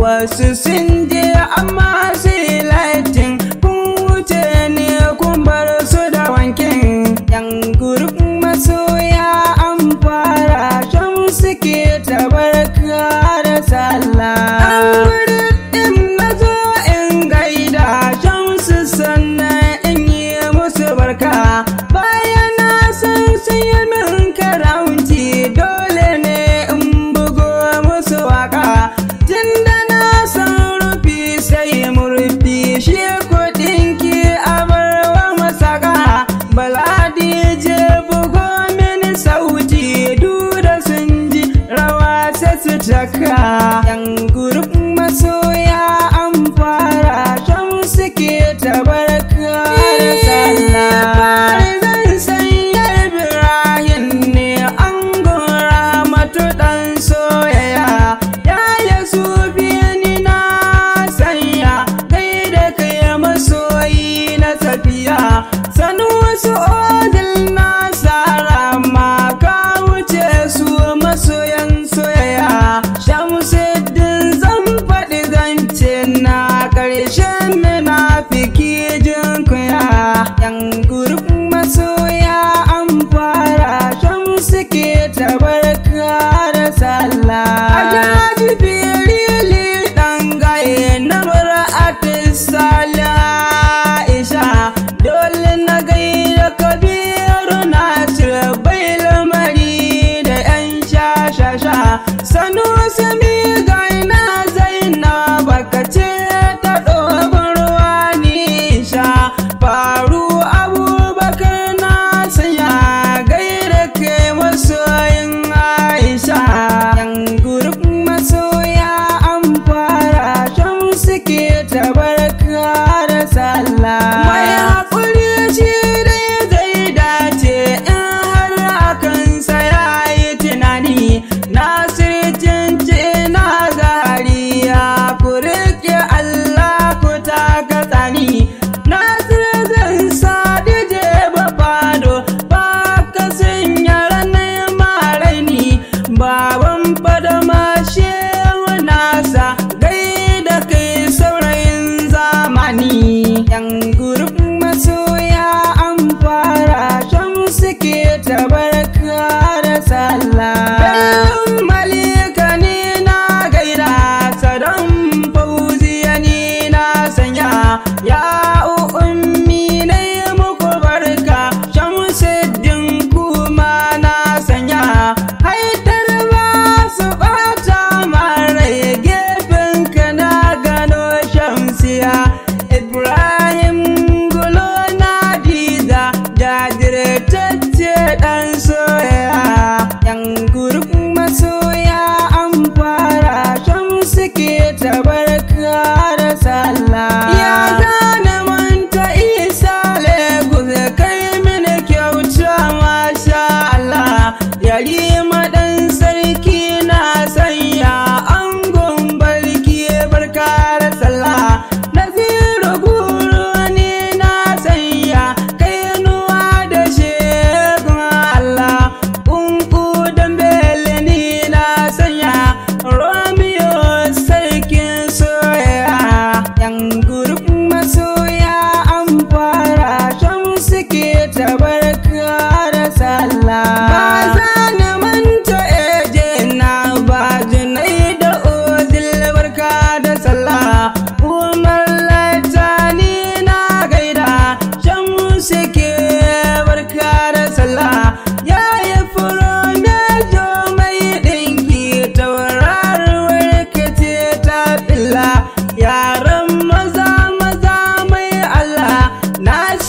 wasu sun je amma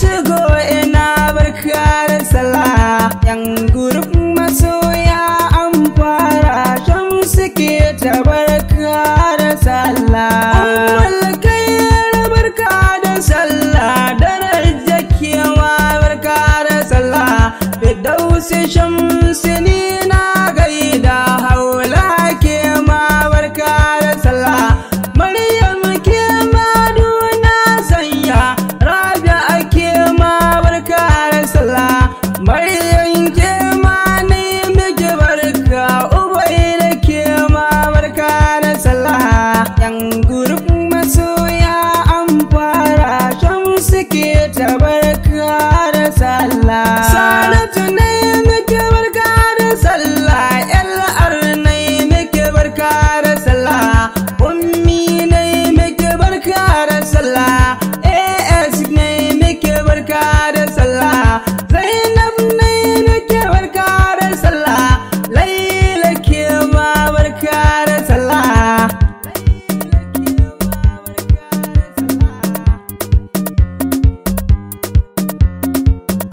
shigo ina barka da sallah yan gurup masoya an fara shan suke ta barka da sallah malakai barka da sallah darajar kewa barka da sallah fidausi shamsini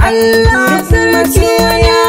Allah sarki ya